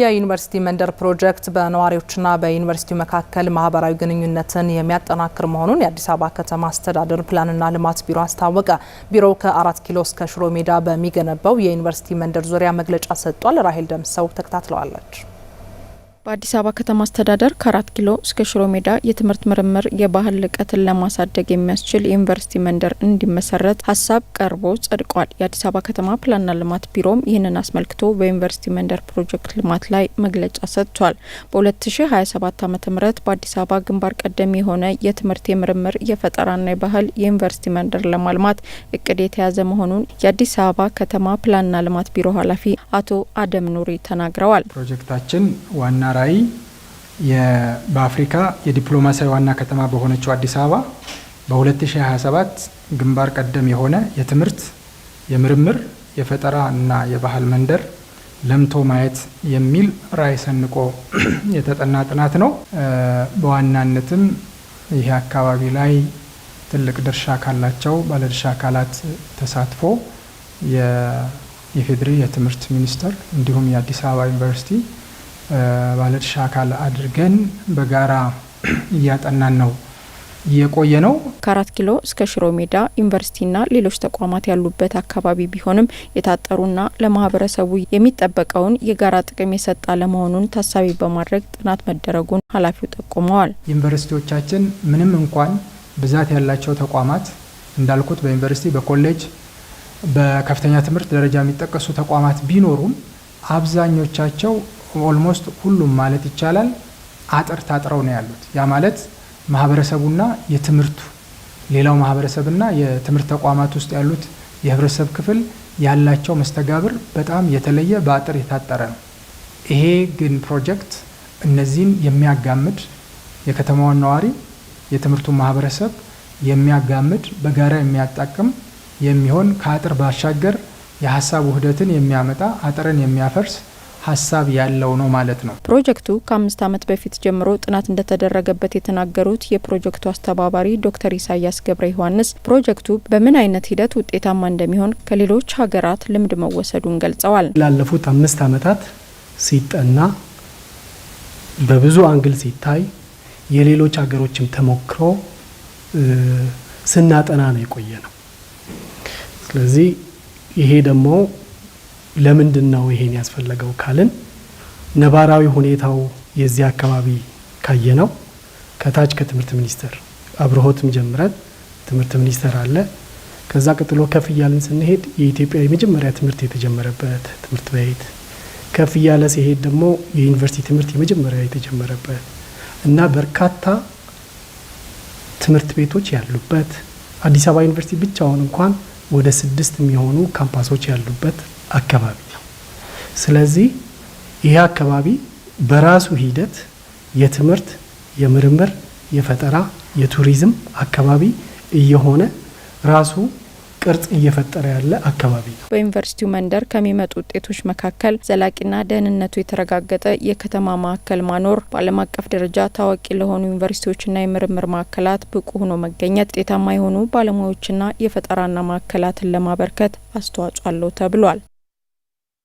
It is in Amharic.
የዩኒቨርሲቲ መንደር ፕሮጀክት በነዋሪዎችና በዩኒቨርሲቲው መካከል ማህበራዊ ግንኙነትን የሚያጠናክር መሆኑን የአዲስ አበባ ከተማ አስተዳደር ፕላንና ልማት ቢሮ አስታወቀ። ቢሮው ከአራት ኪሎ እስከ ሽሮ ሜዳ በሚገነባው የዩኒቨርሲቲ መንደር ዙሪያ መግለጫ ሰጥቷል። ራሄል ደምሰው ተከታትለዋለች። በአዲስ አበባ ከተማ አስተዳደር ከአራት ኪሎ እስከ ሽሮ ሜዳ የትምህርት ምርምር፣ የባህል ልቀትን ለማሳደግ የሚያስችል የዩኒቨርሲቲ መንደር እንዲመሰረት ሀሳብ ቀርቦ ጸድቋል። የአዲስ አበባ ከተማ ፕላንና ልማት ቢሮም ይህንን አስመልክቶ በዩኒቨርሲቲ መንደር ፕሮጀክት ልማት ላይ መግለጫ ሰጥቷል። በ2027 ዓ ም በአዲስ አበባ ግንባር ቀደም የሆነ የትምህርት የምርምር፣ የፈጠራና የባህል የዩኒቨርሲቲ መንደር ለማልማት እቅድ የተያዘ መሆኑን የአዲስ አበባ ከተማ ፕላንና ልማት ቢሮ ኃላፊ አቶ አደም ኑሪ ተናግረዋል። ፕሮጀክታችን ዋና በተራራይ በአፍሪካ የዲፕሎማሲያዊ ዋና ከተማ በሆነችው አዲስ አበባ በ2027 ግንባር ቀደም የሆነ የትምህርት፣ የምርምር፣ የፈጠራ እና የባህል መንደር ለምቶ ማየት የሚል ራይ ሰንቆ የተጠና ጥናት ነው። በዋናነትም ይህ አካባቢ ላይ ትልቅ ድርሻ ካላቸው ባለድርሻ አካላት ተሳትፎ የኢፌዴሪ የትምህርት ሚኒስቴር እንዲሁም የአዲስ አበባ ዩኒቨርሲቲ ባለድርሻ አካል አድርገን በጋራ እያጠናን ነው እየቆየ ነው። ከአራት ኪሎ እስከ ሽሮ ሜዳ ዩኒቨርሲቲና ሌሎች ተቋማት ያሉበት አካባቢ ቢሆንም የታጠሩና ለማህበረሰቡ የሚጠበቀውን የጋራ ጥቅም የሰጠ ለመሆኑን ታሳቢ በማድረግ ጥናት መደረጉን ኃላፊው ጠቁመዋል። ዩኒቨርሲቲዎቻችን ምንም እንኳን ብዛት ያላቸው ተቋማት እንዳልኩት በዩኒቨርሲቲ በኮሌጅ በከፍተኛ ትምህርት ደረጃ የሚጠቀሱ ተቋማት ቢኖሩም አብዛኞቻቸው ኦልሞስት ሁሉም ማለት ይቻላል አጥር ታጥረው ነው ያሉት። ያ ማለት ማህበረሰቡና የትምህርቱ ሌላው ማህበረሰብና የትምህርት ተቋማት ውስጥ ያሉት የህብረተሰብ ክፍል ያላቸው መስተጋብር በጣም የተለየ በአጥር የታጠረ ነው። ይሄ ግን ፕሮጀክት እነዚህን የሚያጋምድ የከተማዋን ነዋሪ የትምህርቱን ማህበረሰብ የሚያጋምድ በጋራ የሚያጣቅም የሚሆን ከአጥር ባሻገር የሀሳብ ውህደትን የሚያመጣ አጥርን የሚያፈርስ ሀሳብ ያለው ነው ማለት ነው። ፕሮጀክቱ ከአምስት ዓመት በፊት ጀምሮ ጥናት እንደተደረገበት የተናገሩት የፕሮጀክቱ አስተባባሪ ዶክተር ኢሳያስ ገብረ ዮሐንስ ፕሮጀክቱ በምን አይነት ሂደት ውጤታማ እንደሚሆን ከሌሎች ሀገራት ልምድ መወሰዱን ገልጸዋል። ላለፉት አምስት ዓመታት ሲጠና በብዙ አንግል ሲታይ የሌሎች ሀገሮችም ተሞክሮ ስናጠና ነው የቆየ ነው። ስለዚህ ይሄ ደግሞ ለምንድን ነው ይሄን ያስፈለገው ካልን ነባራዊ ሁኔታው የዚህ አካባቢ ካየ ነው ከታች ከትምህርት ሚኒስቴር አብርሆትም ጀምረን ትምህርት ሚኒስቴር አለ። ከዛ ቀጥሎ ከፍ እያለን ስንሄድ የኢትዮጵያ የመጀመሪያ ትምህርት የተጀመረበት ትምህርት ቤት ከፍ እያለ ሲሄድ ደግሞ የዩኒቨርሲቲ ትምህርት የመጀመሪያ የተጀመረበት እና በርካታ ትምህርት ቤቶች ያሉበት አዲስ አበባ ዩኒቨርሲቲ ብቻውን እንኳን ወደ ስድስት የሚሆኑ ካምፓሶች ያሉበት አካባቢ ነው። ስለዚህ ይህ አካባቢ በራሱ ሂደት የትምህርት፣ የምርምር፣ የፈጠራ፣ የቱሪዝም አካባቢ እየሆነ ራሱ ቅርጽ እየፈጠረ ያለ አካባቢ ነው። በዩኒቨርሲቲው መንደር ከሚመጡ ውጤቶች መካከል ዘላቂና ደህንነቱ የተረጋገጠ የከተማ ማዕከል ማኖር፣ በዓለም አቀፍ ደረጃ ታዋቂ ለሆኑ ዩኒቨርሲቲዎችና የምርምር ማዕከላት ብቁ ሆኖ መገኘት፣ ውጤታማ የሆኑ ባለሙያዎችና የፈጠራና ማዕከላትን ለማበርከት አስተዋጽኦ አለው ተብሏል።